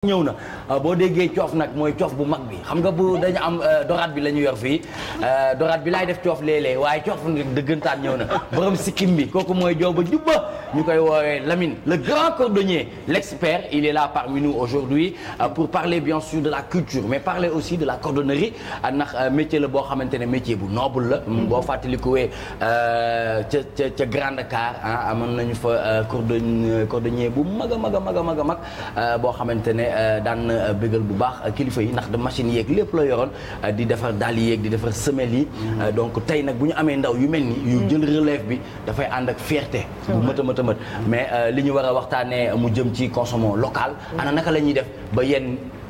ñëw na ah, boo déggee coof nag mooy coof bu mag bi xam nga bu dañu am euh, doraat bi la ñu yor fii euh, doraat bi laay def coof léeg-léeg waaye coof dëggantaan ñëw na borom sikkim bi kooku mooy jooba jubba ñu koy woowee Lamine le grand cordonnier l'expert il est là parmi nous aujourd'hui euh, pour parler bien sûr de la culture mais parler aussi de la cordonnerie ah, ndax métier la boo xamante ne métier bu noble la mm, boo fàttalikuwee ca ca ca Grand Dakar ah amoon nañu fa cordon cordonnier bu mag mag mag mag a Euh, daan euh, bégal bu baax euh, kilifa yi ndax de machine yeeg lépp la yoroon di defar dàll yeeg di defar semelle yi mm-hmm. donc tey nag bu ñu amee ndaw yu mel ni yu jël mm-hmm. relève bi dafay ànd ak fierté bu mët a mët mm-hmm. mais li ñu war a waxtaanee mu jëm ci consommation locale ana naka la def ba yenn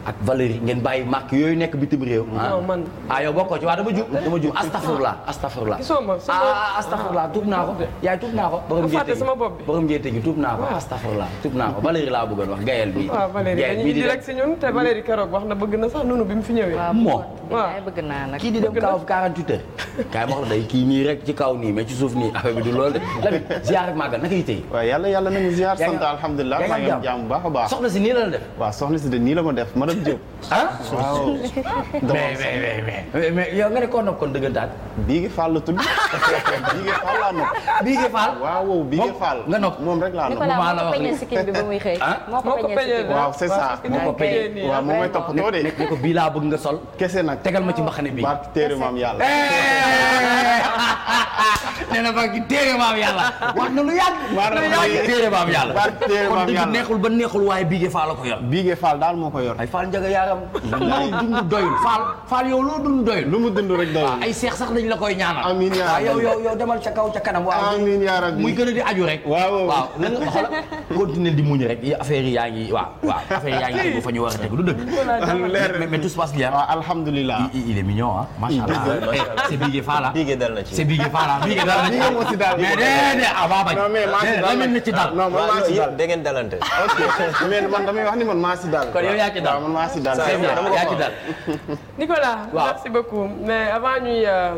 ak valeur yi ngeen bàyyi marque yooyu nekk bitim réew. Ah. non man ah yow bokkoo ci waaw dama ju dama ju astafurla astafurla. gisoo ma ah, tuub naa ko. yaay tuub naa ko. borom njëte gi fàtte sama bopp bi borom njëte gi tuub naa ko astafurla tuub naa ko valeur laa bëggoon wax gayel bi. gayel bi di waaw si ñun te valeur yi keroog wax na bëgg na sax nunu bi mu fi ñëwee. moo waaw bëgg naa nag kii di dem kaw 48 heures. kaay ma wax la kii nii rek ci kaw nii mais ci suuf nii affaire bi du loolu de. Lamine ziar ak màggal naka yite yi. waaw yàlla yàlla nañu ziar sant alhamdulilah maa ngi am bu baax baax. soxna si nii la def. si de nii la ma def madame Diop. ah waaw. mais mais mais mais yow nga ne koo nopp kon dëggantaat. Biige Fall la tudd. Biige Fall laa nopp. Biige Fall. waaw waaw nga nopp moom rek la wax nii ah? moo ko peñee sikkin bi waaw c'est ça moo ko peñee waaw moom mooy toppatoo de ne ko bii laa bëgg nga sol kese nag tegal ma ci mbaxane bi. barke téere maam yàlla. Eh! nee na barki téere maam yàlla wax na lu yàgg yàgg téere maam yàlla kon digg neexul ba neexul waaye Bigué Fall la ko yor Bigué Fall daal moo ko yor ay Fall njaga yaaram loo dund doyul Fall Fall yow loo dund doyul lu mu dund rek doyul ay seex sax dañ la koy ñaanal amiin yaa rabbi yow yow yow demal ca kaw ca kanam waaw amiin yaa rabbi muy gën a di aju rek waaw waaw na nga xool continuer di muñ rek affaire yi yaa ngi waaw waaw affaire yi yaa ngi tegu fa ñu war a tegu du dëgg mais tout se passe bien alhamdulillah il est mignon ah macha allah eh, c'est Bigué Fall c'est Bigué Fall Bigué Fall ni nga moo si daal mais déedéet avant ah, bañ. non mais maa si daal man ci daal. non man maa si daal da ngeen dalante. ok mais man damay wax ni man maa si daal. kon yow yaa ci daal man maa si daal. yaa ci daal. Nicolas. waaw merci beaucoup mais avant ñuy euh,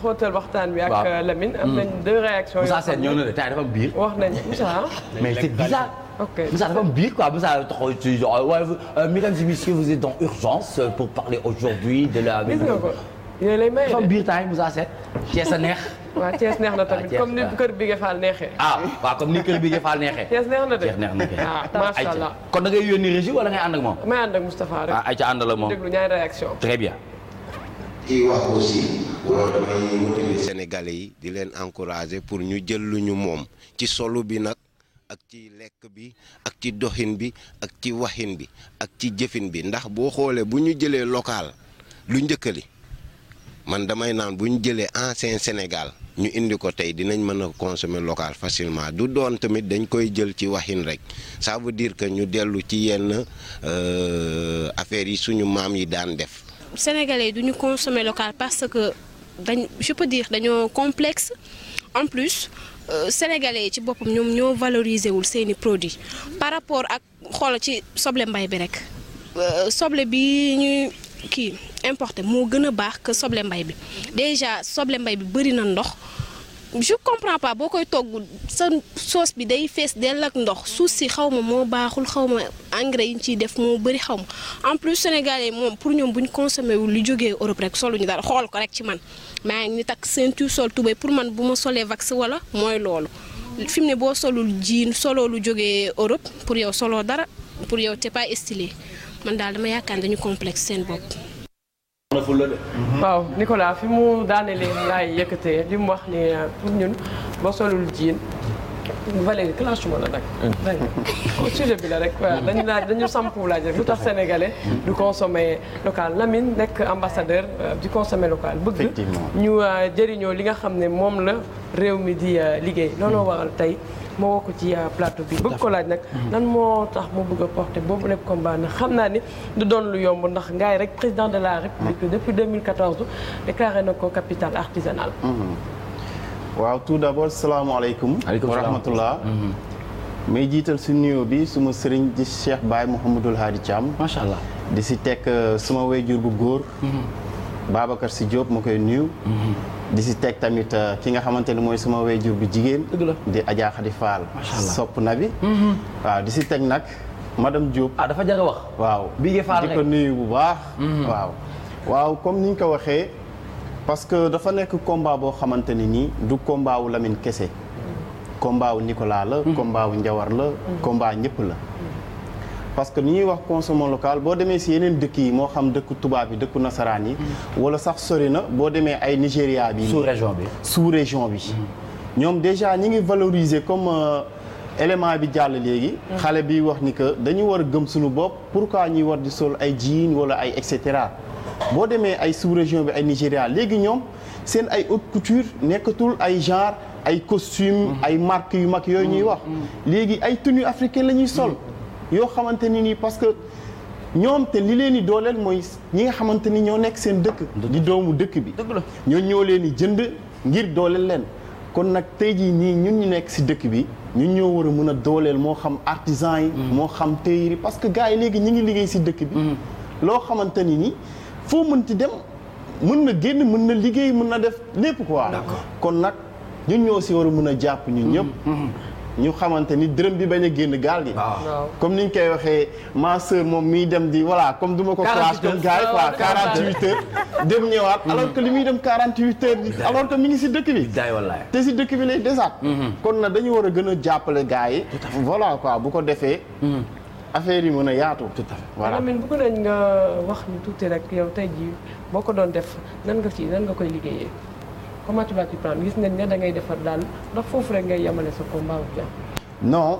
xóotal waxtaan bi ak euh, Lamine. am hmm. nañ deux réactions yoo xam ne Moussa Sène ñëw na de tey dafa am biir. wax nañ Moussa ah. mais c'est bizarre. ok Moussa dafa am biir quoi Moussa taxaw ci genre euh, mesdames et messieurs vous êtes dans urgence pour parler aujourd'hui de la. gis nga ko yéen lay maye de dafa am biir temps Moussa Sène. cee sa neex. waa Thiès neex na tamit ah, ah, comme ni kër bi Fall neexee. ah neex na de Thiès neex na kay. Ah, macha allah kon da ngay yónni régie wala ngay ànd ak moom. may ànd ak Moustapha rek. ah ayca àndal ak moom déglu ñaari yi di leen encourager pour ñu jël lu moom ci solo bi nag. ak ci lekk bi ak ci doxin bi ak ci waxin bi ak ci jëfin bi ndax boo xoolee bu ñu jëlee local lu njëkkali man damay naan bu ñu jëlee ancien Sénégal ñu indi ko tey dinañ mën a consommer local facilement du doon tamit dañ koy jël ci waxin rek ça veut dire que ñu dellu ci yenn euh, affaires yi suñu maam yi daan def. Sénégalais duñu consommer local parce que dañ je peux dire dañoo complexe en plus. Euh, sénégalais yi ci boppam ñoom ñoo valoriser wul seeni produit par rapport ak xoolal ci soble mbay bi rekk euh, soble bi ñuy kii. importé moo gën a baax que soble mbay bi déjà soble mbay bi bëri na ndox je comprends pas boo koy toggu sa sauce bi day fees dell ak ndox suuf si xaw ma moo baaxul xaw ma engrais yi ñu ciy def moo bëri xaw ma en plus sénégalais moom pour ñoom bu ñu consommé wul lu jógee Europe solu ñu dara xool ko rek ci man maa ñu ni takk ceinture sol tubéy pour man bu ma solee vax wala mooy loolu fi mu ne boo solul jiin soloo lu jógee Europe pour yow soloo dara pour yow t'es pas stylé daal dama yaakaar dañu complexe seen bopp. waaw Nicolas fi mu daanelee laay yëkkatee li mu wax ni pour ñun ba solul jiin Valérie clenchement la nag. dégg nga bi la rek waaw mm. dañu laaj dañu sampu laaj rek lu tax mm. sénégalais. du consommer local Lamine nekk ambassadeur euh, du consommer local. bëgg ñu euh, jëriñoo li nga xam ne moom la réew mi di euh, liggéey. looloo mm. waral tey moo woo ko ci plateau bi. bëgg ko laaj nag lan moo tax mu bëgg a porter boobu lépp combat xam naa ni du doon lu yomb ndax ngaay rek président de la république depuis 2014 déclaré na ko capital artisanale. waaw tout d'abord salaamaaleykum wa rahmatullah mhm. may jiital si nuyo bi suma sëriñ di Cheikh Baye Mouhamadul Hadi Thiam macha allah di si teg euh, suma wayjur bu góor mhm. Babacar si Diop ma koy nuyu mhm. di si teg tamit euh, ki nga xamante ni mooy suma wayjur bu jigéen di Adja Khady Fall sopp na bi waaw di si teg nag madame Diop ah dafa jar a wax waaw bi di ko nuyu bu baax waaw waaw comme niñ ko waxee parce que dafa nekk combat boo xamante ne nii du combat wu Lamine kese. combat wu Nicolas la. Mm-hmm. combat wu Njawar la. Mm-hmm. combat ñëpp la. parce que ni ñuy wax consommation locale boo demee si yeneen dëkk yi moo xam dëkku tubaab yi dëkku nasaraan yi. Mm-hmm. wala sax sori na boo demee ay Nigéria bi. sous région bi sous région bi. ñoom déjà ñi ngi valoriser comme euh, élément bi jàll léegi. xale bi wax ni que dañuy war a gëm suñu bopp pour pourquoi ñuy war di sol ay jean wala ay et cetera. boo demee ay sous région bi ay Nigéria léegi ñoom seen ay haute couture nekkatul ay genre ay costume mm-hmm. ay marques yu mag yooyu ñuy mm-hmm. wax mm-hmm. léegi ay tenue africaine la ñuy sol yoo xamante ni nii parce que ñoom te li leen di dooleel mooy ñi nga xamante ni ñoo nekk seen dëkk di doomu dëkk bi ñoo ñoo leen di jënd ngir dooleel leen kon nag tey jii nii ñun ñu nekk si dëkk bi ñu ñoo war a mën a dooleel moo xam artisan yi moo xam tailleur yi parce que gars yi léegi ñi ngi liggéey si dëkk bi loo xamante ni nii foo mën mënti dem mën na génn mën na liggéey mën na def lépp quoi. kon nag ñun ñëw si war a mën a jàpp ñu ñëpp. Mm-hmm. Mm-hmm. ñu xamante ni dërëm bi bañ a génn gaal gi. Ah. comme ni ñu koy waxee ma sœur moom miy dem di voilà comme du ma ko clash comme gars yi quoi 48 ah, heures. dem ñëwaat mm-hmm. alors que li muy dem 48 heures. alors que mi ngi si dëkk bi. te si dëkk bi lay desaat. kon na dañu war a gën a jàppale gars yi. voilà quoi bu ko defee. affaire yi mën a yaatu. tout à fait voilà nañ nga euh, wax ñu tuuti rek yow tey jii boo ko doon def nan nga ci nan nga koy liggéeyee comment tu gis nañ ne da ngay defar daal ndax foofu rek ngay yemale sa combat ou bien. non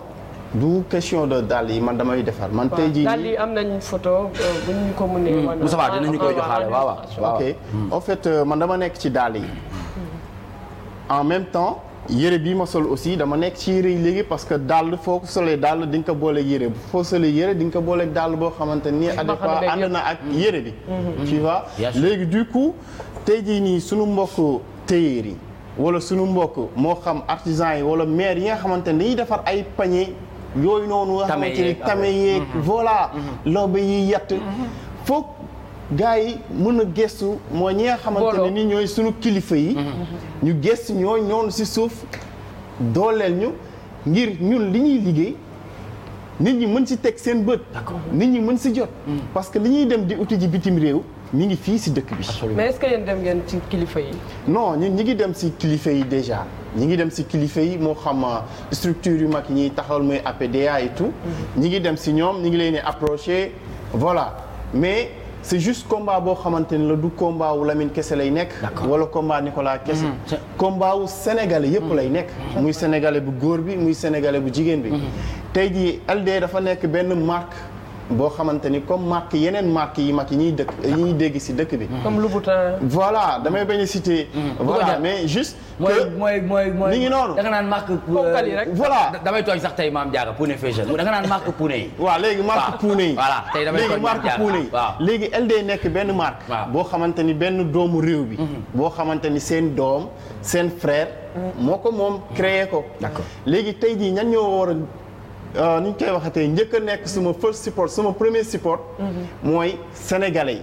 du question de dàll yi man damay defar. man tey jii dàll yi am nañ photo euh, bu ñu ko mënee. Hmm. Moussa Ba dinañu koy joxaale waaw waaw. ok hmm. en fait euh, man dama nekk ci dàll yi. Hmm. en même temps. yére bii ma sol aussi dama nekk ci yére yi léegi parce que dàll foo ko solee dàll di ko booleeg yére bu foo solee yére di nga ko booleeg dàll boo xamante ni adéquat ànd na ak mm-hmm. yére bi mm-hmm. tu vois léegi du coup tey jii nii sunu mbokk téyeer yi wala sunu mbokk moo xam artisan yi wala maire yi nga xamante ni dañuy defar ay panier yooyu noonu nga xamante tame yeeg mm-hmm. voilà loobe yi yett foog gars yi mën a gëstu moo ñi nga xamante ne ni ñooy sunu kilifa yi mhm. ñu gëstu ñoo ñoonu si suuf dooleel ñu ngir ñun li ñuy liggéey nit ñi mën ci teg seen bët nit ñi mën si jot mhm. parce que li ñuy dem di uti ji bitim réew ñu ngi fii si dëkk bi mais ce que yéen dem ngeen ci kilifa non ñu ñi ngi dem si kilifa yi déjà ñu ngi dem si kilifa yi moo xam euh, structure yu mag yi ñuy taxawal mooy APDA et tout mhm. ñi ngi dem si ñoom ñu ngi leen di approché voilà mais c'est juste combat boo xamante ni la du combat wu Lamine kese lay nekk. wala combat Nicolas kese. Hmm, combat wu sénégalais yëpp hmm. lay nekk. Hmm. muy sénégalais bu góor bi muy sénégalais bu jigéen bi. tey jii alde dafa nekk benn marque. boo xamante ni comme marque yeneen marque yi mag yi ñuy dëkk yi ñuy dégg si dëkk bi. comme Louboutin. voilà damay bañ a citer. Mm. voilà mais juste. moo mooy mooy mooy mi ngi noonu. da nga naan marque rek. voilà damay tooñ sax tey maam Diarra Pouné Fashion da nga naan marque Pouné yi. waaw léegi marque Pouné yi. voilà tey damay tooñ maam léegi marque Pouné LD nekk benn marque. boo xamante ni benn doomu réew bi. Mm-hmm. boo xamante ni seen doom seen frère. Mm. moo ko moom créé ko. d'accord léegi tey jii ñan ñoo war Euh, ni ñu koy waxatee njëkk a nekk suma first support suma premier support. Mhm. mooy sénégalais yi.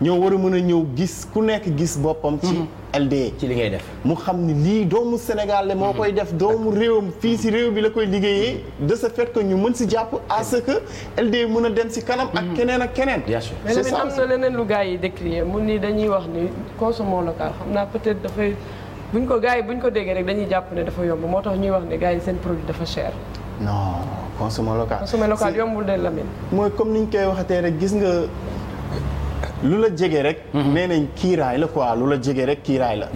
ñoo war a mën a ñëw gis ku nekk gis boppam. ci mhm. LDA. ci li ngay def mu xam ni lii doomu Sénégal la moo mhm. koy def doomu réewam fii si réew bi la koy liggéeyee de ce fait ñu mën si jàpp à ce que LDA mën a dem si kanam. ak keneen ak keneen. bien sûr mais am lu gars yi décrier mu ni dañuy wax ni consommons local xam naa peut-être dafay buñ ko gars yi buñ ko déggee rek dañuy jàpp ne dafa yomb moo tax ñuy wax ne gars yi seen produit dafa cher. non consommer local. consommer local yombul de Lamine. mooy comme ni ñu koy waxatee rek gis nga lu la jege rek. Mhm. nee nañ kiiraay la quoi lu la jege rek kiiraay la.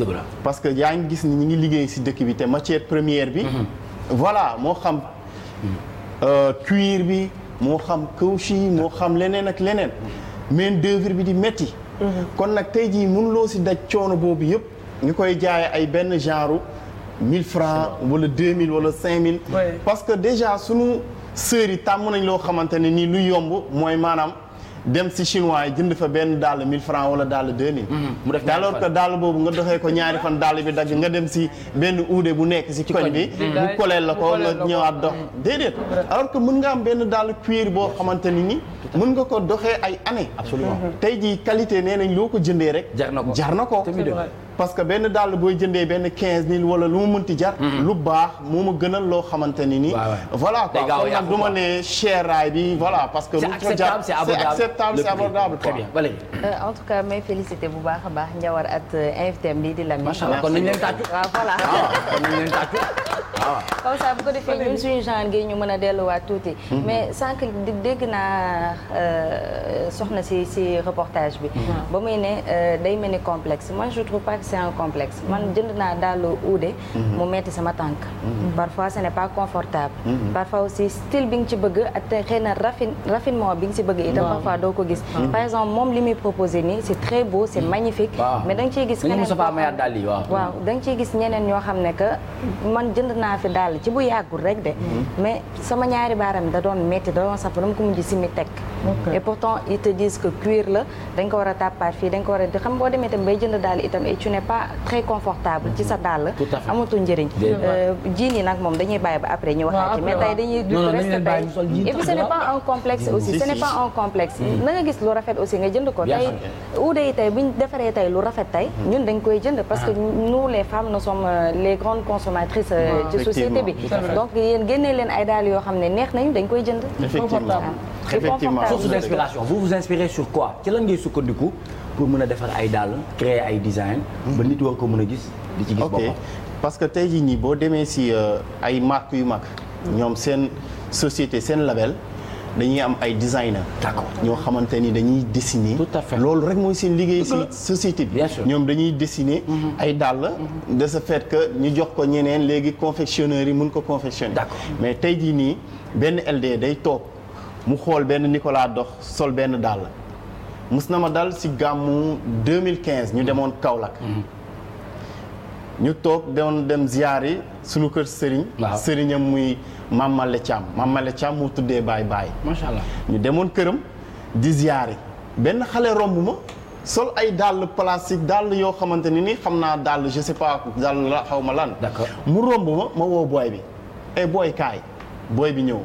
parce que yaa ngi gis ni ñu ngi liggéey si dëkk bi te matière première bi. Mhm. voilà moo xam mhm. euh, cuir bi moo xam caoutchouc yi moo xam leneen ak leneen. main d'œuvre bi di metti kon nag tey jii mënuloo si daj coono boobu yëpp. ñu koy jaayee ay benn genre. 1000 francs wala 2000 wala mille parce que déjà suñu sœurs yi tàmm nañ loo xamante ne nii lu yomb mooy maanaam dem si chinois yi jënd fa benn dàll 1000 francs wala dàll 2000. Mhm. mu def alors que dàll boobu nga doxee ko ñaari fan dàll bi daj nga dem si benn uude bu nekk si koñ bi. bu koleel la ko nga ñëwaat dox mm. déedéet. alors que mun nga am benn dàll cuir boo xamante ni ni mën nga ko doxee ay années. absolument mhm. tey jii qualité nee nañ loo ko jëndee rek. jar na ko jar na ko. parce que benn dàll booy jëndee benn quinze mille wala lu mu mënti jar. Mm-hmm. lu baax moo ma gënal loo xamante ni nii. voilà quoi bi voilà parce que. lu ko jar c'est acceptable c'est abordable euh, en tout cas may bu baax a baax Ndiawar at euh, invité am bii di Lamine. macha allah kon nañu leen tàccu. waaw voilà kon waaw comme ça bu ko defee ñun suñu genre gi ñu mën a delluwaat tuuti. Hmm. mais sànq dégg naa euh, soxna si si reportage bi. Hmm. ba muy ne euh, day mel ni complexe moi je trouve pas que c'est man hmm. jënd naa dàllu uude. mu metti sama tànk. parfois ce n'est pas confortable. parfois aussi style bi nga ci bëgg ak xëy na raffin raffinement bi nga ci bëgg itam parfois doo ko gis. par exemple moom li muy proposé nii c'est très beau c'est magnifique. mais da nga ciy gis. xeneen waaw da nga ciy gis ñeneen ñoo xam ne man jënd naa. naa fi dàll ci bu yàggul rek de. Mhm. mais sama ñaari baaram da doon métti da doon saf dama ko mujj simi teg. et pourtant ils te disent que cuir la dañ ko war a tàppaat fii dañ ko war a di xam boo demee itam bay jënd dàll itam et tu n'es pas très confortable ci sa dàll. amatul njëriñ. Euh, jiin yi nag moom dañuy bàyyi ba après ñu a ci mais tey dañuy. du reste tey et puis ce n'est pas un complexe aussi ce n'est pas un complexe. Mhm. na gis lu rafet aussi nga jënd ko. tey uude tey bu defaree tey lu rafet tey mhm. ñun dañ koy jënd parce que ah. nous les femmes nous sommes euh, les grandes ci société bi donc yéen leen ay daal yoo xam ne neex nañu dañ koy jënd effectivement effectivement source d'inspiration vous vous inspirez sur quoi ci mën a defar ay dàll créer ay design ba nit war ko mën a gis di ci gis boppam parce que tey jii nii boo demee si euh, ay marques yu mag ñoom seen société seen label dañuy am ay designer d'accord ñoo xamante ni dañuy dessiner tout à fait loolu rek mooy seen liggéey si société bi ñoom dañuy dessiner mhm. ay dàll mhm. de ce fait que ñu jox ko ñeneen léegi confectionneurs yi mun ko confectionner d'accord mais tey jii nii benn LD day toog mu xool benn Nicolas Dox sol benn dàll mus na ma dal si gàmmu 2015 ñu demoon Kaolack mhm. ñu toog doon dem ziar suñu kër sëriñ sëriñam muy Mamale Thiam Mamale Thiam moo tuddee baay baay macha allah ñu demoon këram di ziar benn xale romb ma sol ay dàll plastique dàll yoo xamante ni ni xam naa dàll je sais dàll la xaw ma lan mu romb ma ma woo booy bi e booy kaay booy bi ñëw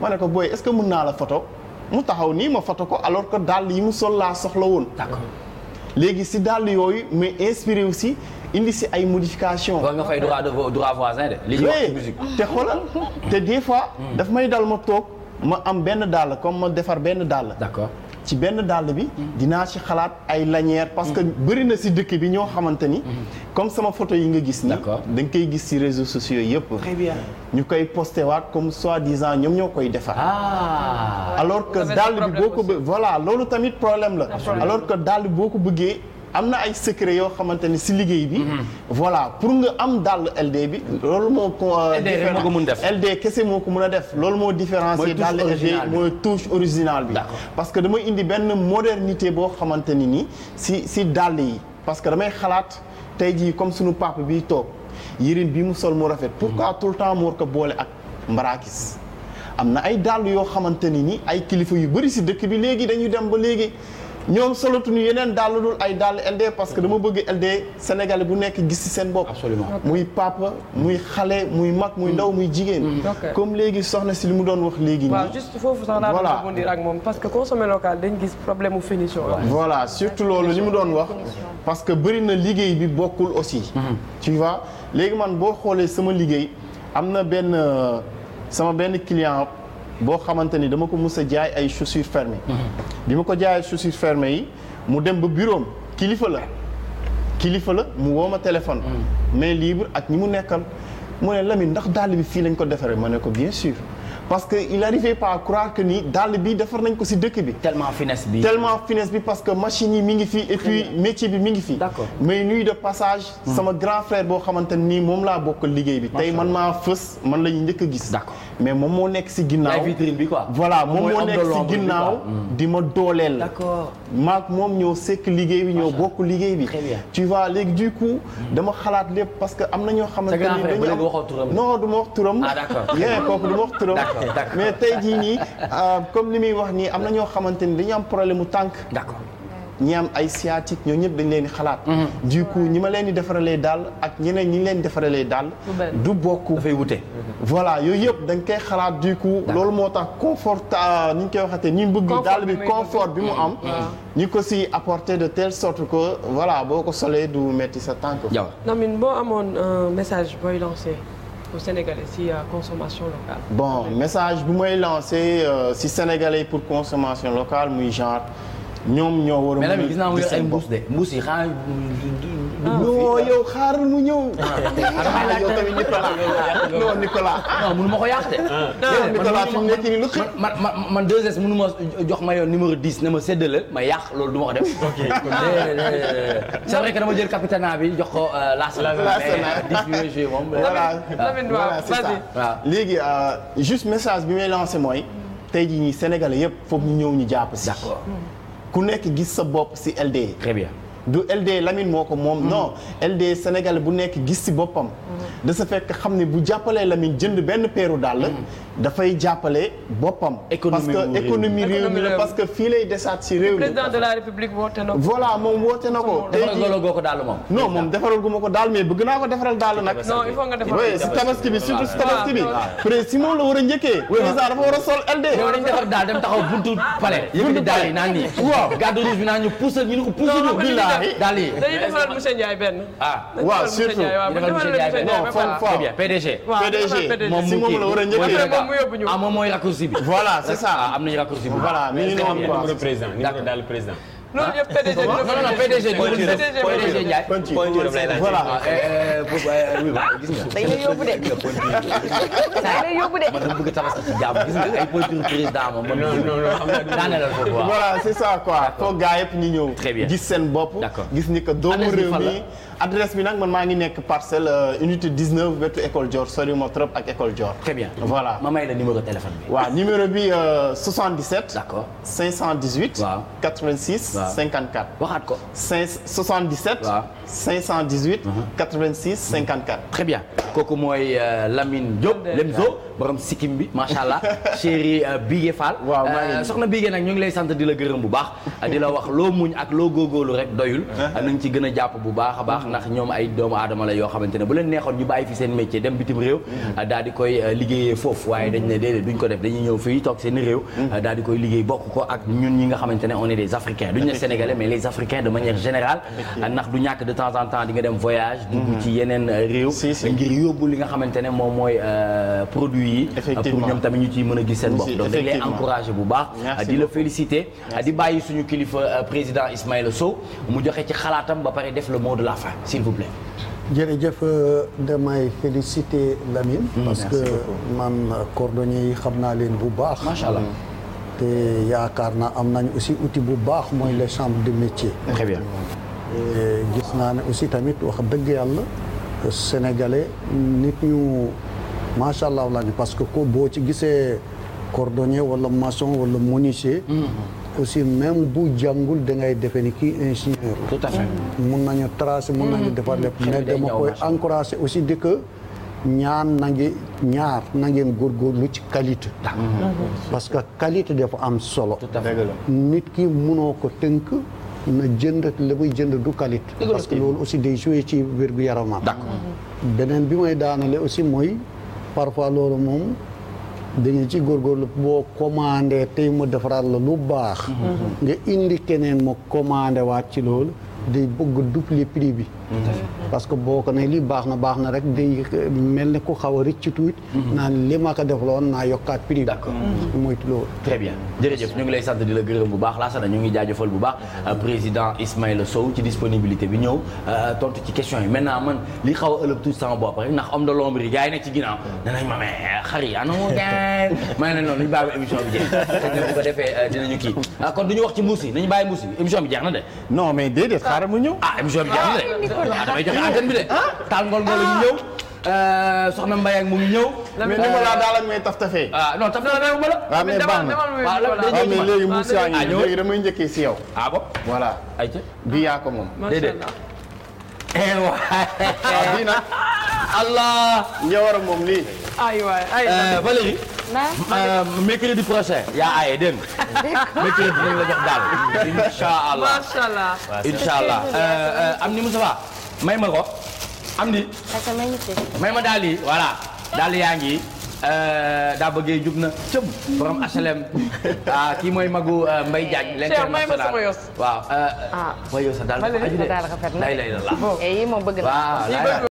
ma ne ko booy est-ce que mën naa la photo mu taxaw nii ma foto ko alors que dàll yi mu sol laa soxla woon léegi si dàll yooyu mais inspiré aussi indi si ay modification war nga fay droit de droit voisin de. li ñuy wax ci te xoolal te des fois. Hmm. daf may dal ma toog ma am benn dàll comme ma defar benn dàll. d'accord ci benn dàll bi. Hmm. dinaa ci xalaat ay lanière parce que hmm. bëri na si dëkk bi ñoo xamante ni. comme sama photo yi nga gis ni da nga koy gis si réseau sociaux yëpp. très bien ñu koy posté waat comme soi-disant ñoom ñoo koy defar. Ah. alors que dàll bi boo ko voilà loolu tamit problème la. alors que dàll boo ko bëggee. am na ay secret yoo xamante ni si liggéey bi. Mhm. voilà pour nga am dàll LD bi. loolu moo ko. Euh, LD kese moo ko mën a def. loolu moo différencier dàll LD mooy touche originale bi. parce que damay indi benn modernité boo xamante ni ni si si dàll yi parce que damay xalaat tey jii comme suñu papa bi toog yërin bi mu sol mu rafet. pourquoi mhm. tout le temps mu war ko boole ak mbaraakis am na ay dàll yoo xamante ni ni ay kilifa yu bëri si dëkk bi léegi dañuy dem ba léegi. ñoom solatuñu yeneen dàll dul ay dàll LD parce que dama bëgg LD sénégalais bu nekk gis ci seen bopp. absolument muy papa muy xale muy mag muy ndaw mm. muy jigéen. Mm. comme léegi soxna si li mu doon wax léegi. waaw juste foofu sax naa moom parce que consommer local dañ gis problème mu finition. voilà surtout loolu li mu doon wax. parce que bëri na liggéey bi bokkul aussi. Mm-hmm. tu vois léegi man boo xoolee sama liggéey am na benn euh, sama benn client. boo xamante ni dama ko mus a jaay ay chaussures fermées mhm. bi ma ko jaay ay chaussures fermées yi mu dem ba bureau kilifa la kilifa la mu woo ma téléphone mhm. mais libre ak ñi mu nekkal mu ne Lamine ndax dàll bi fii lañ ko defaree ma ne ko bien sûr parce que il n'arrivait pas à croire que dàll bi defar nañ ko ci dëkk bi. tellement finesse bi tellement finesse bi parce que machine yi mi ngi fii et puis métier bi mi ngi fi. d'accord mais nuyu de passage. Mhm. sama grand frère boo xamante nii moom laa bokkal liggéey bi. tey man maa fës man la ñu njëkk a gis. d'accord mais moom moo nekk si ginnaaw. vitrine bi quoi. voilà moom moo nekk si ginnaaw. Hmm. di ma dooleel. d'accord maak moom ñëw sekk liggéey bi ñoo bokk liggéey bi. tu vois léegi du coup. Hmm. dama xalaat lépp parce que am na ñoo xamante ni dañu am non ma wax turam. ah d'accord yéen kooku du mais tey jii nii euh, comme li muy wax nii am na ñoo xamante ni dañu am problème mu tànk. d'accord. ñi am ay sciatique ñoo ñëpp dañ leen di xalaat. Hmm. du coup ñi ma leen di defaralee daal ak ñeneen ñi leen defaralee daal. bokk dafay wute. voilà yooyu yëpp dañ koy xalaat du coup. loolu moo tax confort euh, ni ñu koy waxatee ñu bëgg. daal bi confort bi mu am. ni ko si apporter de telle sort que voilà boo ko solee du metti sa tànk. jaww Namine boo amoon un message booy lancé pour sénégalais si euh, consommation locale. bon message bi may lancé euh, si sénégalais pour consommation locale muy genre. ñoom ñoo war a. mais gis naa mu de mbuus yi xaaral. yow xaaral mu ñëw. Ah. yow tamit Nicolas. ma ko yàq de. yow ah. Nicolas man man man mënu ma jox ma yoon numéro 10 ne ma séddale ma yàq loolu du ma ko def. ok c'est dama jël capitana bi jox ko Lassana. Euh, Lassana mais 10 euh, moom. voilà ah. voilà c'est léegi euh, juste message bi may lancé mooy. tey jii ñii Sénégalais yëpp foog ñu ñëw ñu jàpp si. ku nekk gis sa bopp si LD. très du LD Lamine moo ko moom. Mm-hmm. non LD Sénégal bu nekk gis ci boppam. Mm-hmm. de ce fait xam ne bu jàppalee Lamine jënd benn peeru dàll. Mm-hmm. dafay jàppale boppam. parce que économie réew mi la parce que fii lay desaat ci réew mi. président de la république woote na ko. voilà moom woote na ko. tey jii defaral ko dàll moom. non moom defaral gu ma ko dàll mais bëgg naa ko defaral dàll nag. non il faut nga defaral oui si tabaski bi surtout si ah, tabaski bi. Ah. pré si moom la war a njëkkee. président dafa war a sol LD. daal dem taxaw buntu palais. buntu palais daal yi naan nii. waaw garde rouge bi naan daal yi dañuy defalal monsieur Ndiaye benn. ah waaw surtout ñu defal monsieur Ndiaye benn non foofu foofu bien PDG. PDG moom ah, voilà c'est ça ah, am nañu raccourci voilà mi ngi noonu quoi président. loolu yëpp PDG non non PDG PDG Ndiaye. voilà. gis nga. dañ lay yóbbu de. dañ lay yóbbu de. man dama bëgg tabaski ci jàmm gis nga ay pointure président moom. non non non xam nga daanelal foofu voilà c'est ça quoi. foog gaa yëpp ñu ñëw. très bien gis seen bopp. d'accord gis ni que doomu réew mi adresse bi nag man maa ngi nekk parcelle euh, unité 19 wetu école Dior soriwuma trop ak école Dior. très bien voilà ma may la numéro téléphone bi. waaw numéro bi 77. Euh, d'accord 518. waaw 86. waaw 54. waxaat ko. 5 77. waaw 518. 86 54. très bien kooku mooy euh, Lamine Diop Lemzo borom sikkim bi macha allah chéri Bigué Fall. waaw maa ngi soxna Bigué nag ñoo ngi lay sant di la gërëm bu baax. a di la wax loo muñ ak loo góogóorlu rek doyul. Uh-huh. nañ ci gën a jàpp bu baax a baax. baax ndax ñoom ay doomu aadama la yoo xamante ne bu leen neexoon ñu bàyyi fi seen métier dem bitim réew mm-hmm. uh, daal koy uh, liggéeyee foofu waaye dañ ne déedéet duñ ko def dañuy ñëw fii toog seen réew mm-hmm. uh, daal koy liggéey bokk ko ak ñun ñi nga xamante ne des africains duñ ne sénégalais mais les africains de manière générale ndax du ñàkk de temps en temps di nga dem voyage dugg mm-hmm. ci yeneen réew ngir yóbbu li nga xamante moom mooy produit yi pour ñoom tamit ñu a ci xalaatam s'il vous plaît. jërëjëf euh, damay féliciter Lamine. Mm, parce que man euh, cordonnier yi xam naa leen bu baax. macha allah te yaakaar naa am nañ aussi outil bu baax mooy le chambre de métier. très gis naa ne aussi tamit wax dëgg yàlla sénégalais nit ñu macha allah lañu parce que ko boo ci gisee cordonnier wala maçon wala menuisier. Mm. aussi même bu jàngul da ngay defe ni kii ingénieur. tout à fait mun nañu tracer mun nañu mm-hmm. defar lépp. mais dama koy encouragé aussi di ñaan na ngi ñaar na ngeen góorgóorlu ci qualité. Mm-hmm. Mm-hmm. parce que qualité dafa am solo. nit ki munoo ko tënk. na jënd la muy jënd du qualité. parce que loolu aussi de joué ci wér gu yaramam. d'accord beneen bi may daanale aussi mooy parfois loolu moom. dañu ci góorgóorlu boo commandé tey mu defaraat la lu baax. Mhm. nga indi keneen mu commandé waat ci loolu day bëgg doubler prix bi. parce que boo ko ne lii baax na baax na rek day mel ne ku xaw a rëcc tuuti. Mhm. naan li ma ko defloon naa yokkaat prix. d'accord mhm. moytu très bien jërëjëf ñu ngi lay sant di la gërëm bu baax laasana ñu ngi jaajëfal bu baax mhm. euh, président Ismaïla Sow ci disponibilité bi ñëw euh, tontu ci question yi maintenant man li xaw a ëllëg tuuti sama bopp rek ndax homme de l'ombre yi gars yi nekk ci ginnaaw danañ ma mais euh, xar yi ana moo gaañ ma ne noonu nañu bàyyi émission bi jeex na bu ko defee dinañu kii ah, wax ci yi nañu bàyyi mbuus yi damay joxe antenne bi de. taal ngol ngol ñu ñëw. Euh, soxna Mbaye ak mu ngi ñëw. mais ni ma laa daal ak may taf tafee. ah non taf tafee la ma la. waaw ah, mais baax na waaw mais ah, léegi Moussa ngi ah, léegi damay njëkkee si yow. ah bon voilà. ayca bi yaa ko moom. déedéet. Eh, waaw bii nag. allah. njawar moom lii. aywa aywa euh, ba léegi. Eh, mercredi prochain yaa aaye dégg nga. mercredi dinañ la jox daal. incha allah macha allah. incha allah am ni Moussa may ma ko am ni. may ma daal yi voilà daal yaa eh, ngi. daa bëggee jub na cëm borom HLM ah kii mooy magu eh, Mbaye Diagne l'international waaw. ah waaye yow sax daal dafa aju de. lay lay la la waaw